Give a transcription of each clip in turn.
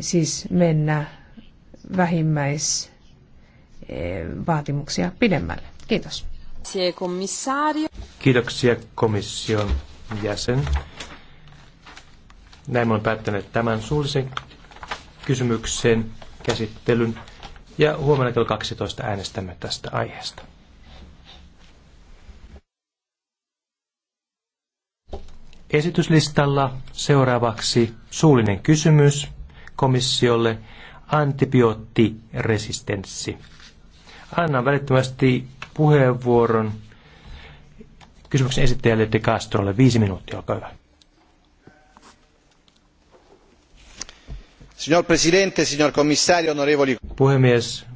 siis mennä vähimmäisvaatimuksia eh, pidemmälle. Kiitos. Kiitoksia komission jäsen. Näin olen päättänyt tämän suullisen kysymyksen käsittelyn ja huomenna kello 12 äänestämme tästä aiheesta. Esityslistalla seuraavaksi suullinen kysymys komissiolle antibioottiresistenssi. Annan välittömästi puheenvuoron kysymyksen esittäjälle De Castrolle. Viisi minuuttia, olkaa hyvä. Signor Presidente, signor Commissario, onorevoli... Puhemies,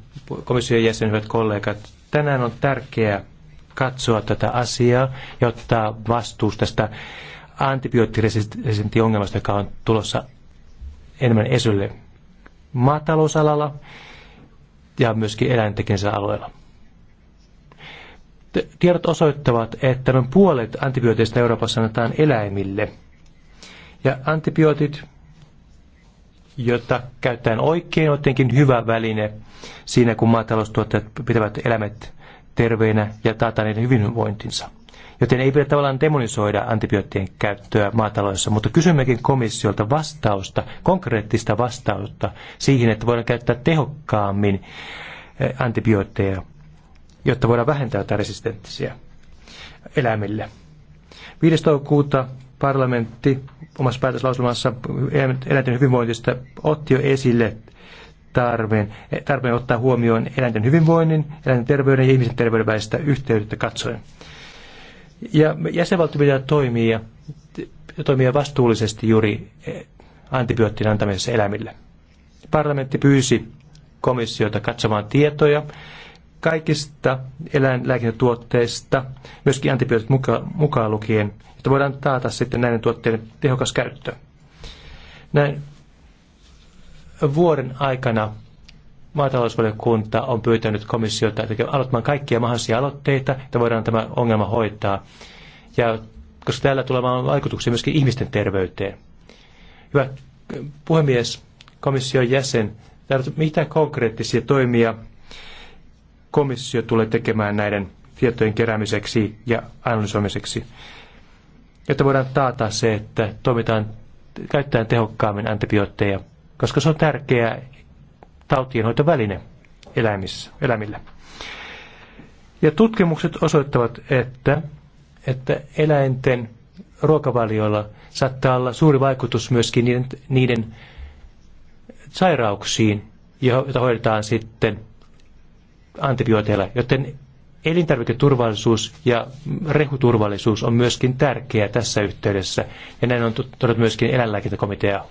komission jäsen, hyvät kollegat. Tänään on tärkeää katsoa tätä asiaa ja ottaa vastuus tästä antibioottiresistenttiongelmasta, joka on tulossa enemmän esille maatalousalalla ja myöskin eläintekensä alueella. Tiedot osoittavat, että noin puolet antibiooteista Euroopassa annetaan eläimille. Ja antibiootit, joita käytetään oikein, on jotenkin hyvä väline siinä, kun maataloustuottajat pitävät eläimet terveinä ja taataan niiden hyvinvointinsa. Joten ei pidä tavallaan demonisoida antibioottien käyttöä maataloudessa, mutta kysymmekin komissiolta vastausta, konkreettista vastausta siihen, että voidaan käyttää tehokkaammin eh, antibiootteja, jotta voidaan vähentää jotain resistenttisiä eläimille. 5. toukokuuta parlamentti omassa päätöslauselmassa eläinten hyvinvointista otti jo esille tarpeen, eh, tarpeen ottaa huomioon eläinten hyvinvoinnin, eläinten terveyden ja ihmisen terveyden välistä yhteyttä katsoen. Ja jäsenvaltio pitää toimia, toimia vastuullisesti juuri eh, antibioottien antamisessa eläimille. Parlamentti pyysi komissiota katsomaan tietoja kaikista eläinlääkintätuotteista, myöskin antibiootit muka, mukaan lukien, että voidaan taata sitten näiden tuotteiden tehokas käyttö. Näin vuoden aikana maatalousvaliokunta on pyytänyt komissiota aloittamaan kaikkia mahdollisia aloitteita, että voidaan tämä ongelma hoitaa. Ja koska täällä tulee vaikutuksia myöskin ihmisten terveyteen. Hyvä puhemies, komission jäsen, mitä konkreettisia toimia komissio tulee tekemään näiden tietojen keräämiseksi ja analysoimiseksi, jotta voidaan taata se, että toimitaan käyttäen tehokkaammin antibiootteja, koska se on tärkeää tautienhoitoväline eläimissä, eläimille. Ja tutkimukset osoittavat, että, että eläinten ruokavalioilla saattaa olla suuri vaikutus myöskin niiden, niiden sairauksiin, joita hoidetaan sitten antibiooteilla, joten elintarviketurvallisuus ja rehuturvallisuus on myöskin tärkeää tässä yhteydessä, ja näin on todettu myöskin eläinlääkintäkomitea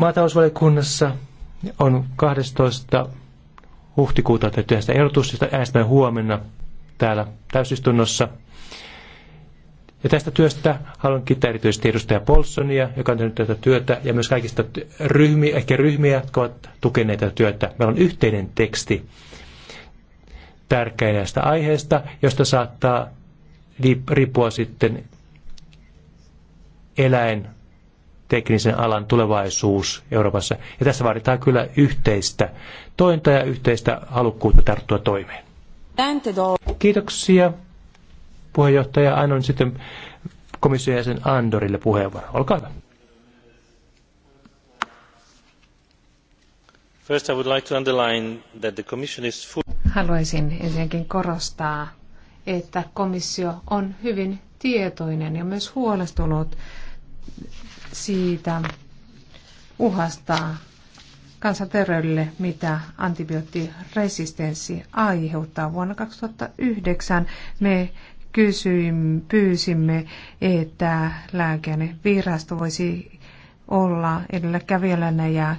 Maatalousvaliokunnassa on 12. huhtikuuta tehty tästä ehdotus, äänestämään huomenna täällä täysistunnossa. Ja tästä työstä haluan kiittää erityisesti edustaja Polsonia, joka on tehnyt tätä työtä, ja myös kaikista ryhmiä, ehkä ryhmiä, jotka ovat tukeneet tätä työtä. Meillä on yhteinen teksti tärkeästä aiheesta, josta saattaa riippua sitten eläin teknisen alan tulevaisuus Euroopassa. Ja tässä vaaditaan kyllä yhteistä tointa ja yhteistä halukkuutta tarttua toimeen. Kiitoksia puheenjohtaja. Ainoin sitten komission jäsen Andorille puheenvuoro. Olkaa hyvä. First I would like to underline that the commission is full... Haluaisin ensinnäkin korostaa, että komissio on hyvin tietoinen ja myös huolestunut siitä uhasta kansanterveydelle, mitä antibioottiresistenssi aiheuttaa. Vuonna 2009 me kysyin, pyysimme, että lääkevirasto voisi olla edelläkävijänä ja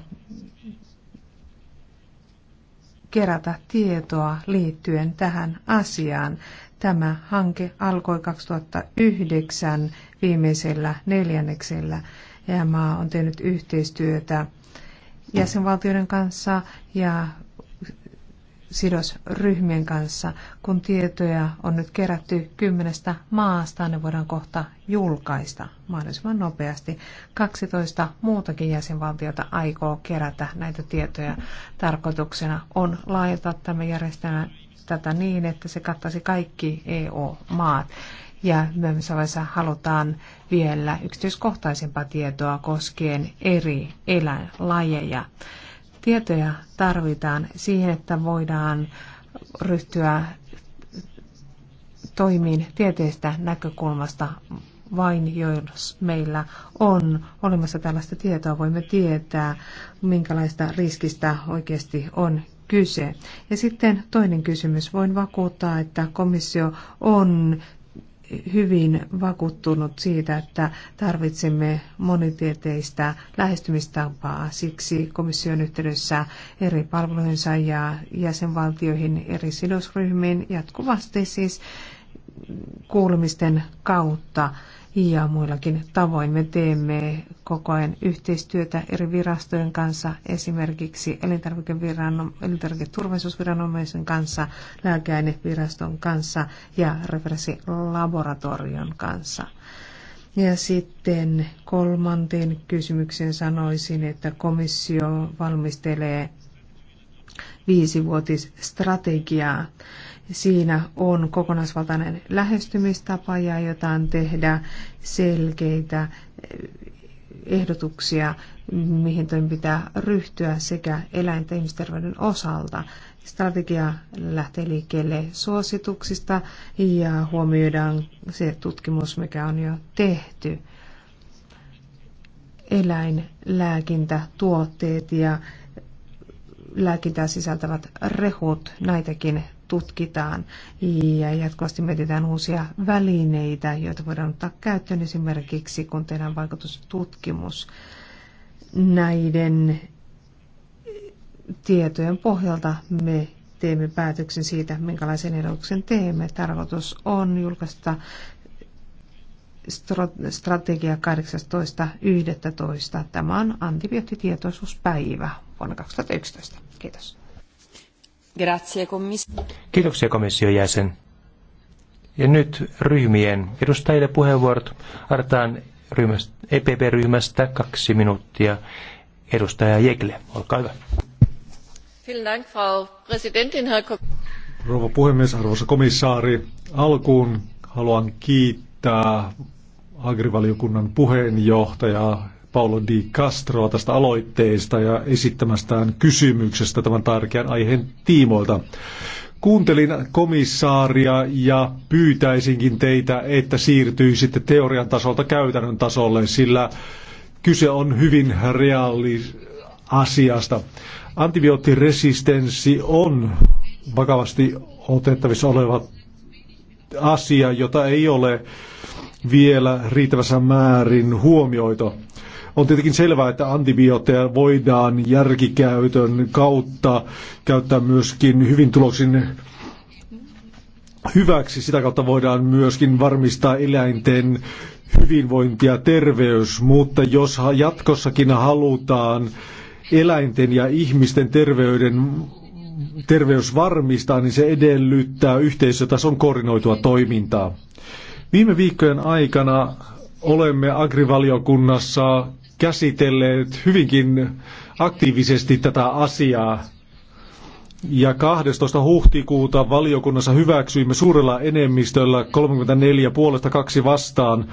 kerätä tietoa liittyen tähän asiaan. Tämä hanke alkoi 2009 viimeisellä neljänneksellä. EMA on tehnyt yhteistyötä jäsenvaltioiden kanssa ja sidosryhmien kanssa. Kun tietoja on nyt kerätty kymmenestä maasta, ne voidaan kohta julkaista mahdollisimman nopeasti. 12 muutakin jäsenvaltiota aikoo kerätä näitä tietoja. Tarkoituksena on laajentaa tämä järjestelmä tätä niin, että se kattaisi kaikki EU-maat ja myöhemmässä vaiheessa halutaan vielä yksityiskohtaisempaa tietoa koskien eri eläinlajeja. Tietoja tarvitaan siihen, että voidaan ryhtyä toimiin tieteestä näkökulmasta vain jos meillä on olemassa tällaista tietoa, voimme tietää, minkälaista riskistä oikeasti on kyse. Ja sitten toinen kysymys. Voin vakuuttaa, että komissio on hyvin vakuuttunut siitä, että tarvitsemme monitieteistä lähestymistapaa. Siksi komission yhteydessä eri palveluihinsa ja jäsenvaltioihin eri sidosryhmiin jatkuvasti siis kuulumisten kautta ja muillakin tavoin. Me teemme koko ajan yhteistyötä eri virastojen kanssa, esimerkiksi elintarviketurvallisuusviranomaisen kanssa, lääkeaineviraston kanssa ja referenssilaboratorion kanssa. Ja sitten kolmanteen kysymyksen sanoisin, että komissio valmistelee viisivuotisstrategiaa Siinä on kokonaisvaltainen lähestymistapa ja jotain tehdä selkeitä eh, ehdotuksia, mihin toimi pitää ryhtyä sekä eläinten ihmisterveyden osalta. Strategia lähtee liikkeelle suosituksista ja huomioidaan se tutkimus, mikä on jo tehty. eläinlääkintätuotteet ja lääkintää sisältävät rehut, näitäkin tutkitaan ja jatkuvasti mietitään uusia välineitä, joita voidaan ottaa käyttöön esimerkiksi, kun tehdään vaikutustutkimus näiden tietojen pohjalta me teemme päätöksen siitä, minkälaisen ehdotuksen teemme. Tarkoitus on julkaista strategia 18.11. Tämä on antibioottitietoisuuspäivä vuonna 2011. Kiitos. Grazie, komissio. Kiitoksia komission jäsen. Ja nyt ryhmien edustajille puheenvuorot. Artaan EPP-ryhmästä kaksi minuuttia. Edustaja Jekle, olkaa hyvä. Dank, Frau Präsidentin, Herr Rouva puhemies, arvoisa komissaari, alkuun haluan kiittää agrivaliokunnan puheenjohtajaa, Paulo Di Castroa tästä aloitteesta ja esittämästään kysymyksestä tämän tärkeän aiheen tiimoilta. Kuuntelin komissaaria ja pyytäisinkin teitä, että siirtyisitte teorian tasolta käytännön tasolle, sillä kyse on hyvin reaali asiasta. Antibioottiresistenssi on vakavasti otettavissa oleva asia, jota ei ole vielä riittävässä määrin huomioitu. On tietenkin selvää, että antibiootteja voidaan järkikäytön kautta käyttää myöskin hyvin tuloksin hyväksi. Sitä kautta voidaan myöskin varmistaa eläinten hyvinvointi ja terveys, mutta jos jatkossakin halutaan eläinten ja ihmisten terveyden terveys varmistaa, niin se edellyttää yhteisötason koordinoitua toimintaa. Viime viikkojen aikana olemme agrivaliokunnassa käsitelleet hyvinkin aktiivisesti tätä asiaa. Ja 12. huhtikuuta valiokunnassa hyväksyimme suurella enemmistöllä 34 puolesta kaksi vastaan,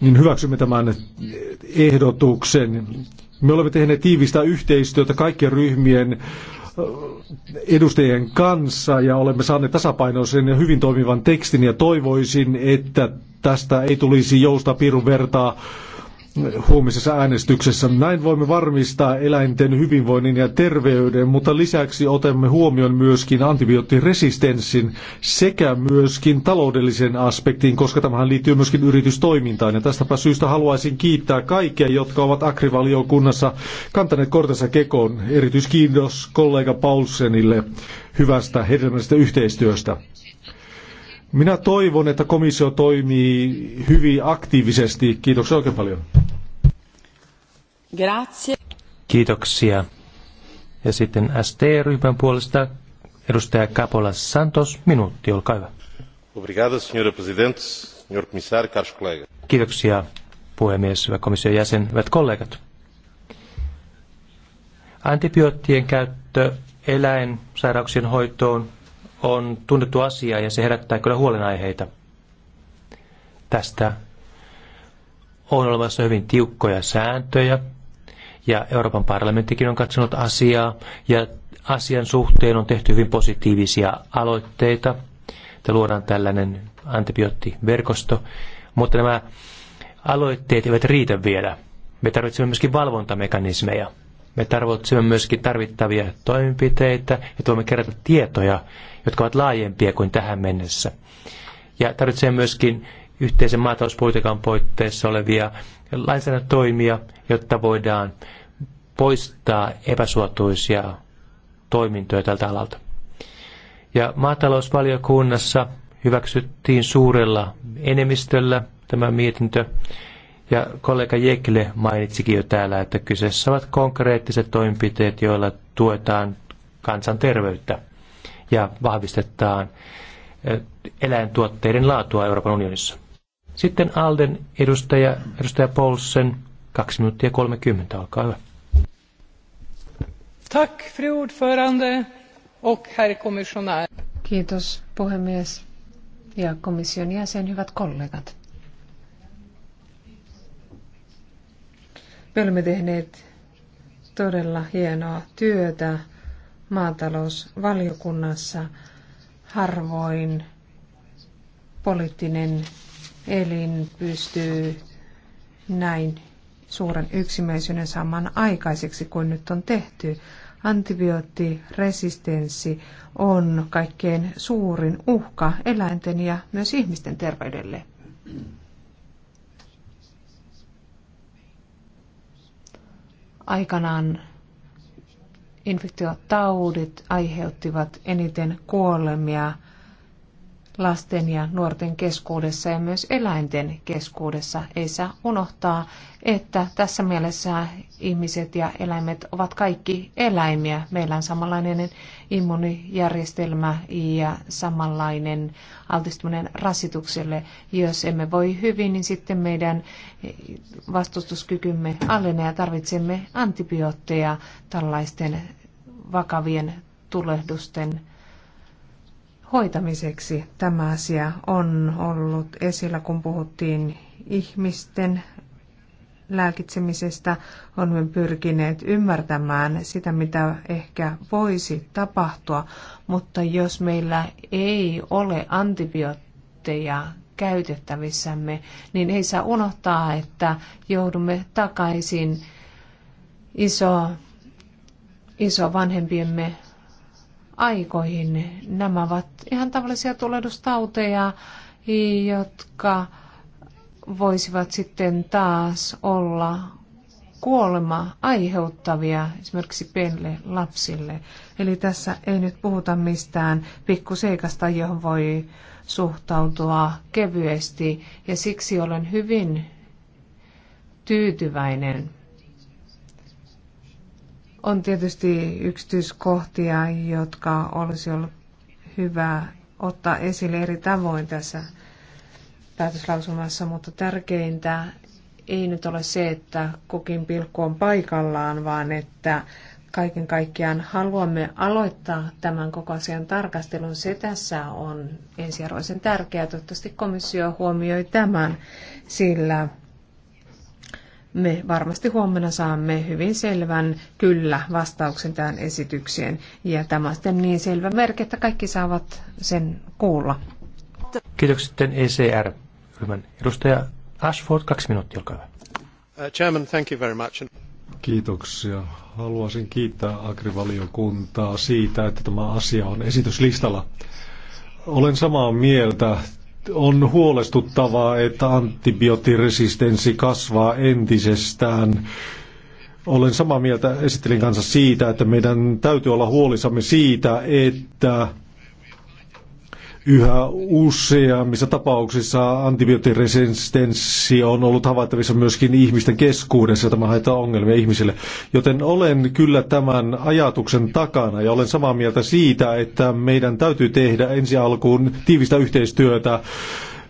niin hyväksymme tämän ehdotuksen. Me olemme tehneet tiivistä yhteistyötä kaikkien ryhmien äh, edustajien kanssa ja olemme saaneet tasapainoisen ja hyvin toimivan tekstin ja toivoisin, että tästä ei tulisi jousta piirun vertaa huomisessa äänestyksessä. Näin voimme varmistaa eläinten hyvinvoinnin ja terveyden, mutta lisäksi otamme huomioon myöskin antibioottiresistenssin sekä myöskin taloudellisen aspektin, koska tämähän liittyy myöskin yritystoimintaan. Ja tästäpä syystä haluaisin kiittää kaikkia, jotka ovat Akrivaliokunnassa, kantaneet kortensa kekoon. Erityiskiitos kollega Paulsenille hyvästä hedelmällisestä yhteistyöstä. Minä toivon, että komissio toimii hyvin aktiivisesti. Kiitoksia oikein paljon. Grazie. Kiitoksia. Ja sitten ST-ryhmän puolesta edustaja Capola Santos, minuutti, olkaa hyvä. Obrigado, signora presidente, signor commissario, Kiitoksia, puhemies, hyvä komission jäsen, hyvät kollegat. Antibioottien käyttö eläinsairauksien hoitoon on tunnettu asia ja se herättää kyllä huolenaiheita. Tästä on olemassa hyvin tiukkoja sääntöjä ja Euroopan parlamenttikin on katsonut asiaa ja asian suhteen on tehty hyvin positiivisia aloitteita, että luodaan tällainen antibioottiverkosto, mutta nämä aloitteet eivät riitä vielä. Me tarvitsemme myöskin valvontamekanismeja. Me tarvitsemme myöskin tarvittavia toimenpiteitä, että voimme kerätä tietoja, jotka ovat laajempia kuin tähän mennessä. Ja tarvitsemme myöskin yhteisen maatalouspolitiikan puitteissa olevia lainsäädäntötoimia, jotta voidaan poistaa epäsuotuisia toimintoja tältä alalta. Ja maatalousvaliokunnassa hyväksyttiin suurella enemmistöllä tämä mietintö. Ja kollega Jekle mainitsikin jo täällä, että kyseessä ovat konkreettiset toimenpiteet, joilla tuetaan kansanterveyttä ja vahvistetaan eläintuotteiden laatua Euroopan unionissa. Sitten Alden edustaja, edustaja Polsen, 2 minuuttia 30, olkaa hyvä. Tack, fru ordförande och herr kommissionär. Kiitos puhemies ja komission jäsen, hyvät kollegat. Me olemme tehneet todella hienoa työtä maatalousvaliokunnassa. Harvoin poliittinen elin pystyy näin suuren yksimäisyyden saamaan aikaiseksi kuin nyt on tehty. Antibioottiresistenssi on kaikkein suurin uhka eläinten ja myös ihmisten terveydelle. Aikanaan infektiotaudit aiheuttivat eniten kuolemia – lasten ja nuorten keskuudessa ja myös eläinten keskuudessa. Ei saa unohtaa, että tässä mielessä ihmiset ja eläimet ovat kaikki eläimiä. Meillä on samanlainen immunijärjestelmä ja samanlainen altistuminen rasitukselle. Jos emme voi hyvin, niin sitten meidän vastustuskykymme alenee ja tarvitsemme antibiootteja tällaisten vakavien tulehdusten hoitamiseksi. Tämä asia on ollut esillä, kun puhuttiin ihmisten lääkitsemisestä. Olemme pyrkineet ymmärtämään sitä, mitä ehkä voisi tapahtua, mutta jos meillä ei ole antibiootteja käytettävissämme, niin ei saa unohtaa, että joudumme takaisin iso, iso vanhempiemme aikoihin. Nämä ovat ihan tavallisia tulehdustauteja, jotka voisivat sitten taas olla kuolema aiheuttavia esimerkiksi pienille lapsille. Eli tässä ei nyt puhuta mistään pikkuseikasta, johon voi suhtautua kevyesti ja siksi olen hyvin tyytyväinen on tietysti yksityiskohtia, jotka olisi ollut hyvä ottaa esille eri tavoin tässä päätöslausumassa, mutta tärkeintä ei nyt ole se, että kukin pilkku on paikallaan, vaan että kaiken kaikkiaan haluamme aloittaa tämän koko asian tarkastelun. Se tässä on ensiarvoisen tärkeää. Toivottavasti komissio huomioi tämän, sillä me varmasti huomenna saamme hyvin selvän kyllä-vastauksen tähän esitykseen. Ja tämä on sitten niin selvä merkki, että kaikki saavat sen kuulla. Kiitoksia sitten ECR-ryhmän edustaja Ashford, kaksi minuuttia, olkaa hyvä. Uh, chairman, thank you very much. Kiitoksia. Haluaisin kiittää agrivaliokuntaa siitä, että tämä asia on esityslistalla. Olen samaa mieltä on huolestuttavaa, että antibioottiresistenssi kasvaa entisestään. Olen samaa mieltä esittelin kanssa siitä, että meidän täytyy olla huolissamme siitä, että Yhä useammissa tapauksissa antibioottiresistenssi on ollut havaittavissa myöskin ihmisten keskuudessa. Tämä haittaa ongelmia ihmisille. Joten olen kyllä tämän ajatuksen takana ja olen samaa mieltä siitä, että meidän täytyy tehdä ensi alkuun tiivistä yhteistyötä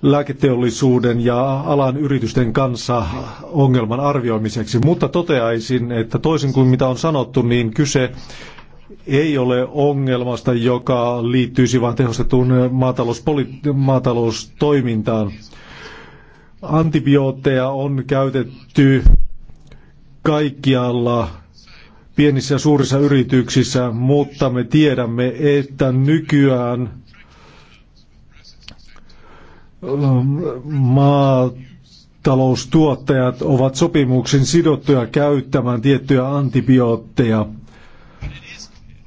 lääketeollisuuden ja alan yritysten kanssa ongelman arvioimiseksi. Mutta toteaisin, että toisin kuin mitä on sanottu, niin kyse ei ole ongelmasta, joka liittyisi vain tehostettuun maatalouspoli- maataloustoimintaan. Antibiootteja on käytetty kaikkialla pienissä ja suurissa yrityksissä, mutta me tiedämme, että nykyään ähm, maataloustuottajat ovat sopimuksin sidottuja käyttämään tiettyjä antibiootteja –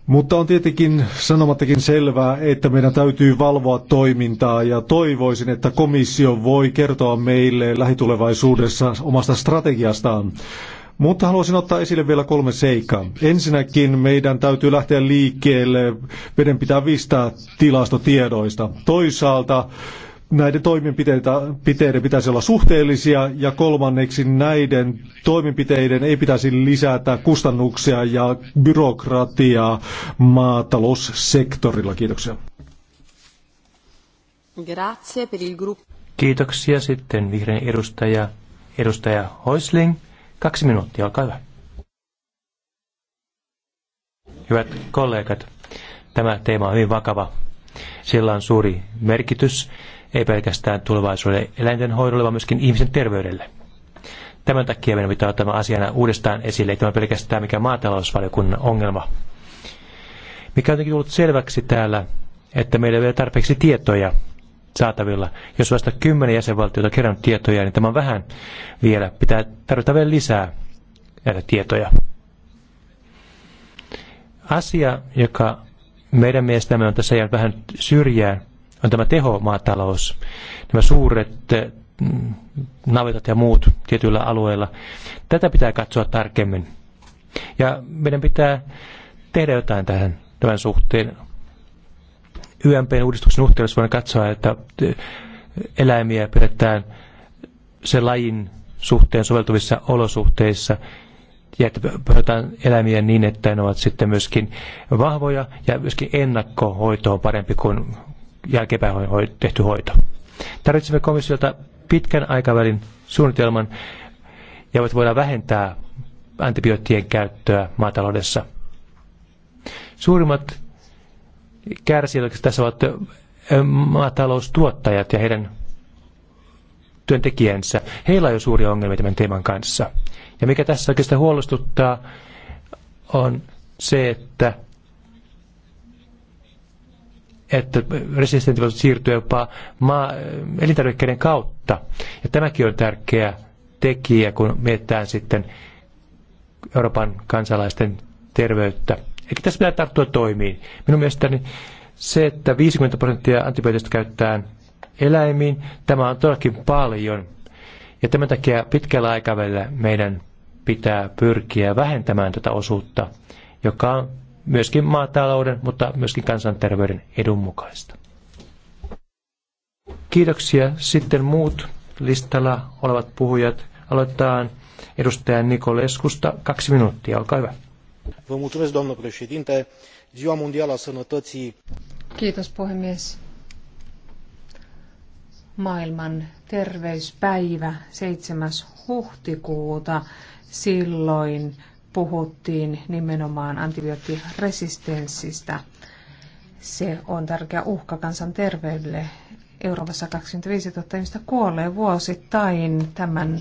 mutta on tietenkin sanomattakin selvää, että meidän täytyy valvoa toimintaa ja toivoisin, että komissio voi kertoa meille lähitulevaisuudessa omasta strategiastaan. Mutta haluaisin ottaa esille vielä kolme seikkaa. Ensinnäkin meidän täytyy lähteä liikkeelle vedenpitävistä tilastotiedoista. Toisaalta näiden toimenpiteiden pitäisi olla suhteellisia ja kolmanneksi näiden toimenpiteiden ei pitäisi lisätä kustannuksia ja byrokratiaa maataloussektorilla. Kiitoksia. Kiitoksia sitten vihreän edustaja, edustaja Hoisling. Kaksi minuuttia, olkaa hyvä. Hyvät kollegat, tämä teema on hyvin vakava. Sillä on suuri merkitys ei pelkästään tulevaisuuden eläinten hoidolle, vaan myöskin ihmisen terveydelle. Tämän takia meidän pitää ottaa asiana uudestaan esille, ei tämä pelkästään mikä maatalousvaliokunnan ongelma. Mikä on tullut selväksi täällä, että meillä ei ole tarpeeksi tietoja saatavilla. Jos vasta kymmenen jäsenvaltiota on kerännyt tietoja, niin tämä on vähän vielä. Pitää tarvita vielä lisää näitä tietoja. Asia, joka meidän mielestämme on tässä jäänyt vähän syrjään, on tämä tehomaatalous. Nämä suuret mm, navetat ja muut tietyillä alueilla. Tätä pitää katsoa tarkemmin. Ja meidän pitää tehdä jotain tähän tämän suhteen. YMPn uudistuksen yhteydessä voidaan katsoa, että eh, eläimiä pidetään se lajin suhteen soveltuvissa olosuhteissa ja että pidetään eläimiä niin, että ne ovat sitten myöskin vahvoja ja myöskin ennakkohoito on parempi kuin jälkeenpäin tehty hoito. Tarvitsemme komissiolta pitkän aikavälin suunnitelman, ja voidaan vähentää antibioottien käyttöä maataloudessa. Suurimmat kärsijät tässä ovat maataloustuottajat ja heidän työntekijänsä. Heillä on jo suuria ongelmia tämän teeman kanssa. Ja mikä tässä oikeastaan huolestuttaa, on se, että että resistentti voisi siirtyä jopa maa, elintarvikkeiden kautta. Ja tämäkin on tärkeä tekijä, kun mietitään sitten Euroopan kansalaisten terveyttä. Eli tässä pitää tarttua toimiin. Minun mielestäni se, että 50 prosenttia antibiootista käytetään eläimiin, tämä on todellakin paljon. Ja tämän takia pitkällä aikavälillä meidän pitää pyrkiä vähentämään tätä osuutta, joka on myöskin maatalouden, mutta myöskin kansanterveyden edun mukaista. Kiitoksia. Sitten muut listalla olevat puhujat. Aloitetaan edustaja Leskusta Kaksi minuuttia, olkaa hyvä. Vă mulțumesc, doamnă președinte. Ziua Mondială a Sănătății... Kiitos, puhemies. Maailman terveyspäivä 7. huhtikuuta. Silloin puhuttiin nimenomaan antibioottiresistenssistä. Se on tärkeä uhka kansanterveydelle. Euroopassa 25 000 ihmistä kuolee vuosittain tämän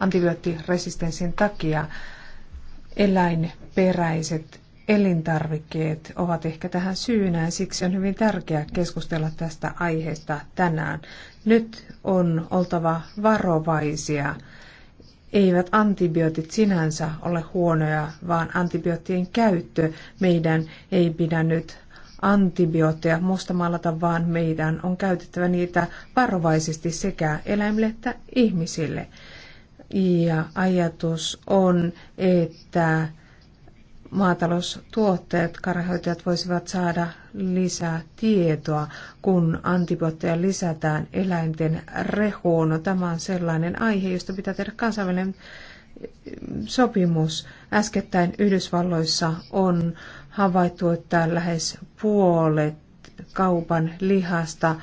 antibioottiresistenssin takia. Eläinperäiset elintarvikkeet ovat ehkä tähän syynä ja siksi on hyvin tärkeää keskustella tästä aiheesta tänään. Nyt on oltava varovaisia eivät antibiootit sinänsä ole huonoja, vaan antibioottien käyttö. Meidän ei pidä nyt antibiootteja mustamallata, vaan meidän on käytettävä niitä varovaisesti sekä eläimille että ihmisille. Ja ajatus on, että maataloustuotteet, karhoitajat voisivat saada lisää tietoa, kun antibiootteja lisätään eläinten rehuun. No, tämä on sellainen aihe, josta pitää tehdä kansainvälinen mm, sopimus. Äskettäin Yhdysvalloissa on havaittu, että lähes puolet kaupan lihasta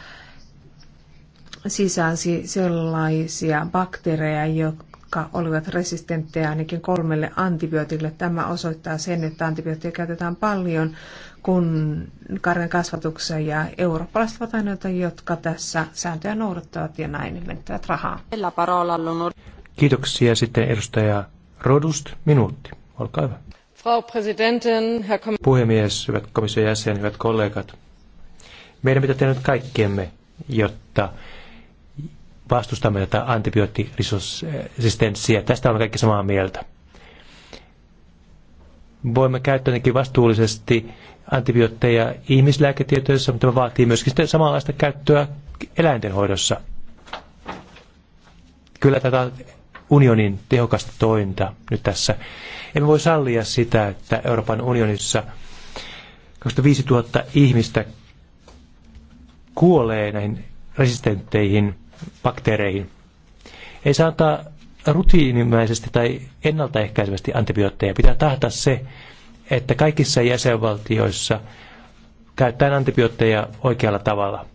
sisälsi sellaisia bakteereja, jotka olivat resistenttejä ainakin kolmelle antibiootille. Tämä osoittaa sen, että antibiootteja käytetään paljon kun karjan kasvatuksessa ja eurooppalaiset ovat ainoita, jotka tässä sääntöjä noudattavat ja näin menettävät rahaa. Kiitoksia sitten edustaja Rodust. Minuutti. Olkaa hyvä. Frau Herr Kom- Puhemies, hyvät komission jäsen, hyvät kollegat. Meidän pitää tehdä nyt kaikkiemme, jotta vastustamme tätä antibioottiresistenssiä. Tästä olemme kaikki samaa mieltä. Voimme käyttää nekin vastuullisesti antibiootteja ihmislääketieteessä, mutta tämä vaatii myöskin samanlaista käyttöä eläinten hoidossa. Kyllä tätä on unionin tehokasta tointa nyt tässä. Emme voi sallia sitä, että Euroopan unionissa 25 000 ihmistä kuolee näihin resistentteihin bakteereihin. Ei saa antaa rutiinimäisesti tai ennaltaehkäisevästi antibiootteja. Pitää tahtaa se, että kaikissa jäsenvaltioissa käytetään antibiootteja oikealla tavalla.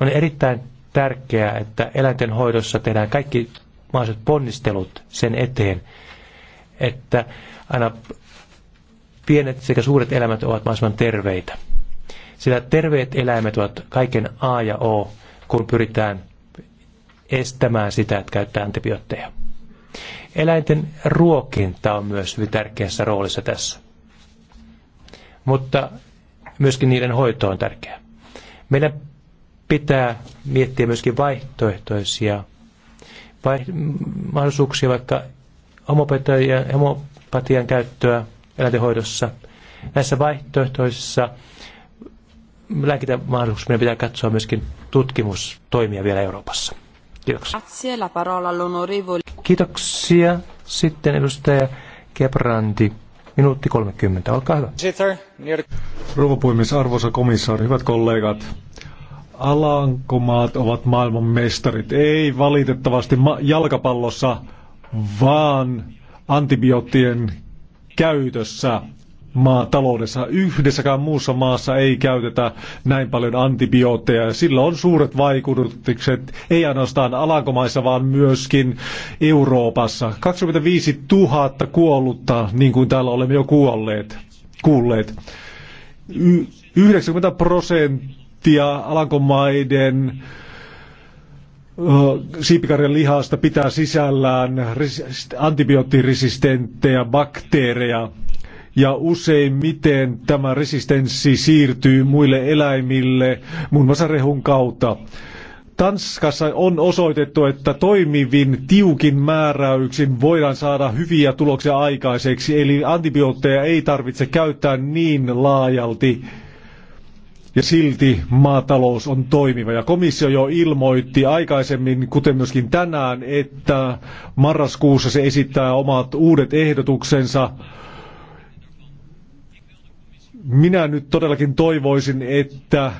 On erittäin tärkeää, että eläinten hoidossa tehdään kaikki mahdolliset ponnistelut sen eteen, että aina pienet sekä suuret elämät ovat mahdollisimman terveitä. Sillä terveet eläimet ovat kaiken A ja O, kun pyritään estämään sitä, että käyttää antibiootteja. Eläinten ruokinta on myös hyvin tärkeässä roolissa tässä. Mutta myöskin niiden hoito on tärkeää. Meidän pitää miettiä myöskin vaihtoehtoisia vai, mahdollisuuksia, vaikka homopatian käyttöä eläintenhoidossa. Näissä vaihtoehtoisissa lääkintämahdollisuuksissa meidän pitää katsoa myöskin tutkimustoimia vielä Euroopassa. Kiitoksia. Kiitoksia. Sitten edustaja Kebranti, Minuutti 30, olkaa hyvä. Rouva puhemies, arvoisa komissaari, hyvät kollegat. Alankomaat ovat maailman mestarit. Ei valitettavasti jalkapallossa, vaan antibioottien käytössä maataloudessa. Yhdessäkään muussa maassa ei käytetä näin paljon antibiootteja. Sillä on suuret vaikutukset, ei ainoastaan Alankomaissa, vaan myöskin Euroopassa. 25 000 kuollutta, niin kuin täällä olemme jo kuolleet, kuulleet. Y- 90 prosenttia Alankomaiden siipikarjan lihasta pitää sisällään antibioottiresistenttejä bakteereja ja useimmiten tämä resistenssi siirtyy muille eläimille, muun muassa rehun kautta. Tanskassa on osoitettu, että toimivin tiukin määräyksin voidaan saada hyviä tuloksia aikaiseksi, eli antibiootteja ei tarvitse käyttää niin laajalti. Ja silti maatalous on toimiva. Ja komissio jo ilmoitti aikaisemmin, kuten myöskin tänään, että marraskuussa se esittää omat uudet ehdotuksensa minä nyt todellakin toivoisin, että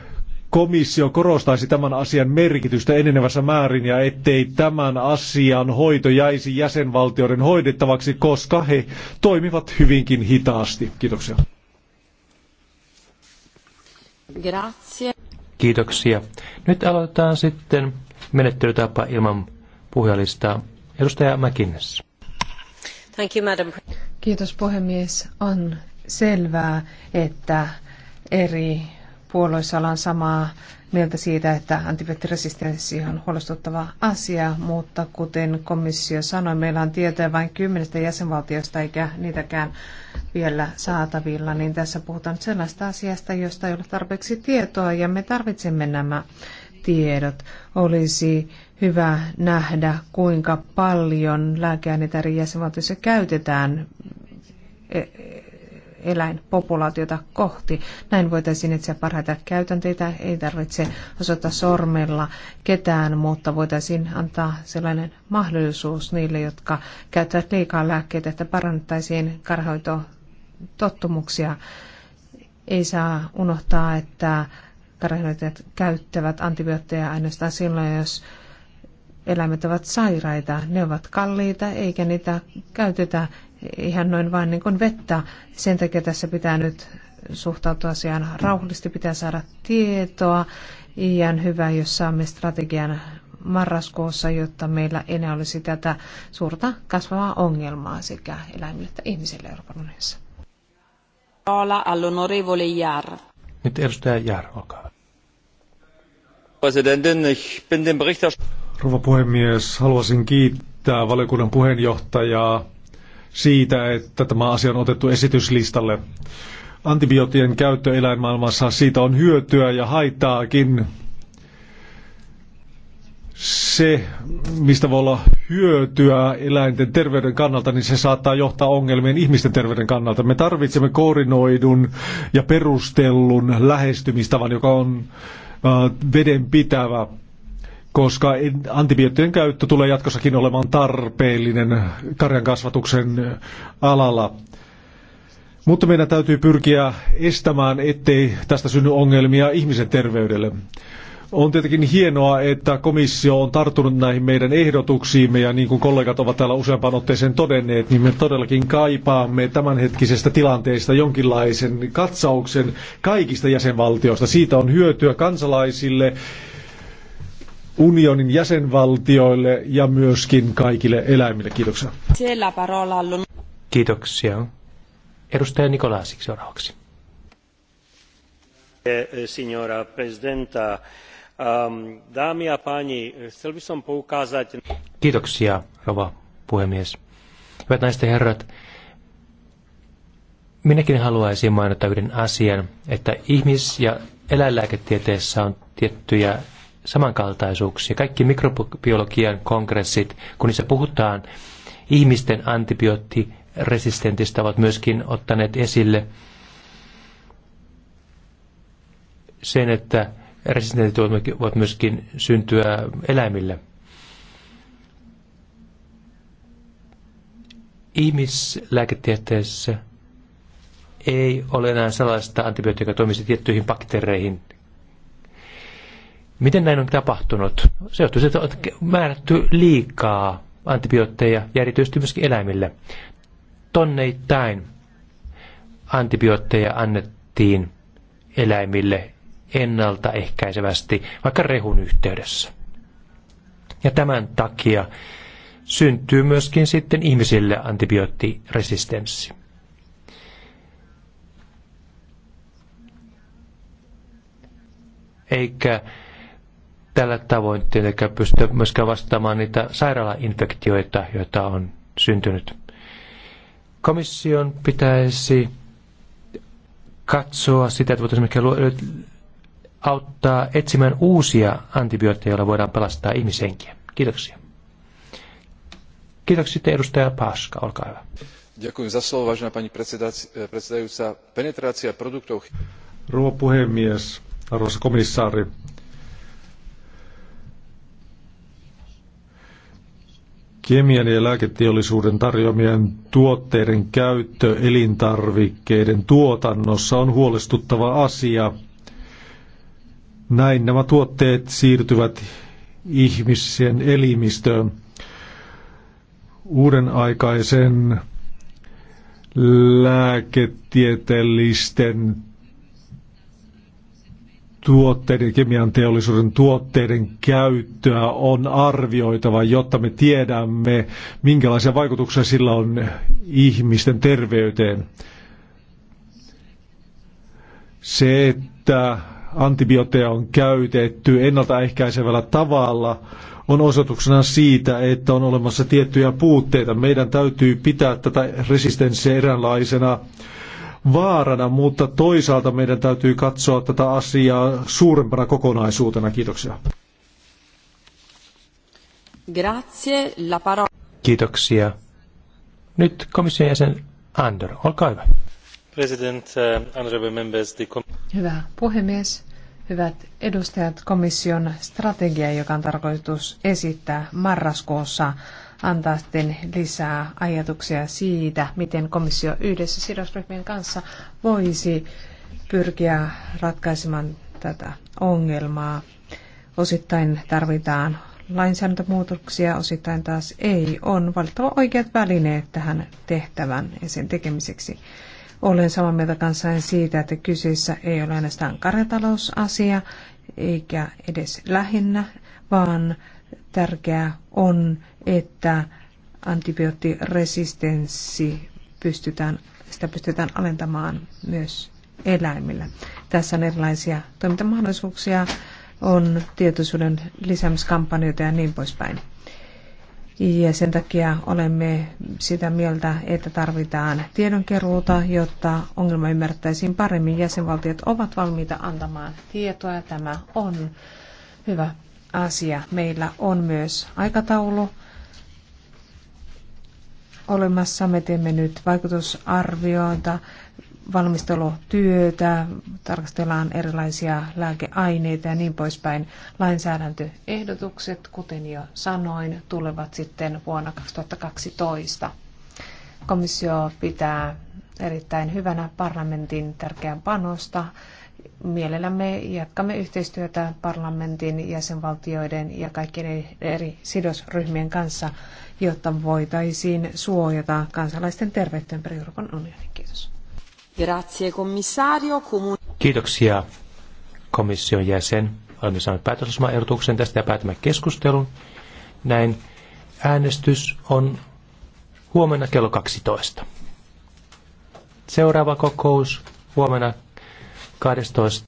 komissio korostaisi tämän asian merkitystä enenevässä määrin ja ettei tämän asian hoito jäisi jäsenvaltioiden hoidettavaksi, koska he toimivat hyvinkin hitaasti. Kiitoksia. Grazie. Kiitoksia. Nyt aloitetaan sitten menettelytapa ilman puhujalistaa. Edustaja McInnes. Thank you, madam. Kiitos puhemies. On selvää, että eri puolueissa ollaan samaa mieltä siitä, että antibioottiresistenssi on huolestuttava asia, mutta kuten komissio sanoi, meillä on tietoja vain kymmenestä jäsenvaltiosta eikä niitäkään vielä saatavilla, niin tässä puhutaan nyt sellaista asiasta, josta ei ole tarpeeksi tietoa ja me tarvitsemme nämä tiedot. Olisi hyvä nähdä, kuinka paljon lääkeaineita eri jäsenvaltioissa käytetään e- eläinpopulaatiota kohti. Näin voitaisiin etsiä parhaita käytänteitä, ei tarvitse osoittaa sormella ketään, mutta voitaisiin antaa sellainen mahdollisuus niille, jotka käyttävät liikaa lääkkeitä, että parannettaisiin karhoitotottumuksia. Ei saa unohtaa, että karhoitajat käyttävät antibiootteja ainoastaan silloin, jos eläimet ovat sairaita, ne ovat kalliita eikä niitä käytetä ihan noin vain niin vettä. Sen takia tässä pitää nyt suhtautua asiaan rauhallisesti, pitää saada tietoa. Iän hyvä, jos saamme strategian marraskuussa, jotta meillä enää olisi tätä suurta kasvavaa ongelmaa sekä eläimille että ihmisille Euroopan unionissa. Nyt edustaja Jär, olkaa Rouva puhemies, haluaisin kiittää valiokunnan puheenjohtajaa siitä, että tämä asia on otettu esityslistalle. Antibioottien käyttö eläinmaailmassa, siitä on hyötyä ja haittaakin. Se, mistä voi olla hyötyä eläinten terveyden kannalta, niin se saattaa johtaa ongelmien ihmisten terveyden kannalta. Me tarvitsemme koordinoidun ja perustellun lähestymistavan, joka on äh, vedenpitävä koska antibioottien käyttö tulee jatkossakin olemaan tarpeellinen karjan kasvatuksen alalla. Mutta meidän täytyy pyrkiä estämään, ettei tästä synny ongelmia ihmisen terveydelle. On tietenkin hienoa, että komissio on tarttunut näihin meidän ehdotuksiimme ja niin kuin kollegat ovat täällä useampaan otteeseen todenneet, niin me todellakin kaipaamme tämänhetkisestä tilanteesta jonkinlaisen katsauksen kaikista jäsenvaltioista. Siitä on hyötyä kansalaisille unionin jäsenvaltioille ja myöskin kaikille eläimille. Kiitoksia. Siellä Kiitoksia. Edustaja Nikolaasik seuraavaksi. Eh, eh, signora presidenta, ehm, dámy a páni, chcel by som poukázať... Kiitoksia, rova puhemies. Hyvät naiset ja herrat, minäkin haluaisin mainita yhden asian, että ihmis- ja eläinlääketieteessä on tiettyjä samankaltaisuuksia. Kaikki mikrobiologian kongressit, kun niissä puhutaan ihmisten antibioottiresistentistä, ovat myöskin ottaneet esille sen, että resistentit voivat myöskin syntyä eläimille. Ihmislääketieteessä ei ole enää sellaista antibioottia, joka toimisi tiettyihin bakteereihin Miten näin on tapahtunut? Se johtuu siitä, että on määrätty liikaa antibiootteja ja erityisesti myöskin eläimille. Tonneittain antibiootteja annettiin eläimille ennaltaehkäisevästi, vaikka rehun yhteydessä. Ja tämän takia syntyy myöskin sitten ihmisille antibioottiresistenssi. Eikä tällä tavoin tietenkään pysty myöskään vastaamaan niitä sairaalainfektioita, joita on syntynyt. Komission pitäisi katsoa sitä, että voitaisiin auttaa etsimään uusia antibiootteja, joilla voidaan pelastaa ihmisenkiä. Kiitoksia. Kiitoksia sitten edustaja Paska, olkaa hyvä. Ďakujem za slovo, vážená pani predsedajúca. Penetrácia produktov... Rouva puhemies, arvoisa komissaari, Kemian ja lääketeollisuuden tarjoamien tuotteiden käyttö elintarvikkeiden tuotannossa on huolestuttava asia. Näin nämä tuotteet siirtyvät ihmisen elimistöön. Uuden aikaisen lääketieteellisten tuotteiden, kemian teollisuuden tuotteiden käyttöä on arvioitava, jotta me tiedämme, minkälaisia vaikutuksia sillä on ihmisten terveyteen. Se, että antibiootteja on käytetty ennaltaehkäisevällä tavalla, on osoituksena siitä, että on olemassa tiettyjä puutteita. Meidän täytyy pitää tätä resistenssiä eräänlaisena äh, vaarana, mutta toisaalta meidän täytyy katsoa tätä asiaa suurempana kokonaisuutena. Kiitoksia. Grazie, la parola. Kiitoksia. Nyt komission jäsen Ander, olkaa hyvä. President, uh, members, the... Hyvä puhemies, hyvät edustajat, komission strategia, joka on tarkoitus esittää marraskuussa, antaa sitten lisää ajatuksia siitä, miten komissio yhdessä sidosryhmien kanssa voisi pyrkiä ratkaisemaan tätä ongelmaa. Osittain tarvitaan lainsäädäntömuutoksia, osittain taas ei. On valittava oikeat välineet tähän tehtävän ja sen tekemiseksi. Olen samaa mieltä kanssani siitä, että kyseessä ei ole ainoastaan karjatalousasia, eikä edes lähinnä, vaan tärkeää on, että antibioottiresistenssi pystytään, sitä pystytään alentamaan myös eläimillä. Tässä on erilaisia toimintamahdollisuuksia, on tietoisuuden lisäämiskampanjoita ja niin poispäin. Ja sen takia olemme sitä mieltä, että tarvitaan tiedonkeruuta, jotta ongelma ymmärrettäisiin paremmin. Jäsenvaltiot ovat valmiita antamaan tietoa ja tämä on hyvä asia. Meillä on myös aikataulu olemassa. Me teemme nyt vaikutusarvioita, valmistelutyötä, tarkastellaan erilaisia lääkeaineita ja niin poispäin. Lainsäädäntöehdotukset, kuten jo sanoin, tulevat sitten vuonna 2012. Komissio pitää erittäin hyvänä parlamentin tärkeän panosta mielellämme jatkamme yhteistyötä parlamentin, jäsenvaltioiden ja kaikkien eri sidosryhmien kanssa, jotta voitaisiin suojata kansalaisten terveyttä ympäri Euroopan unionin. Kiitos. Grazie, Kiitoksia komission jäsen. Olemme saaneet päätöslausumaehdotuksen tästä ja päätämme keskustelun. Näin äänestys on huomenna kello 12. Seuraava kokous huomenna 12.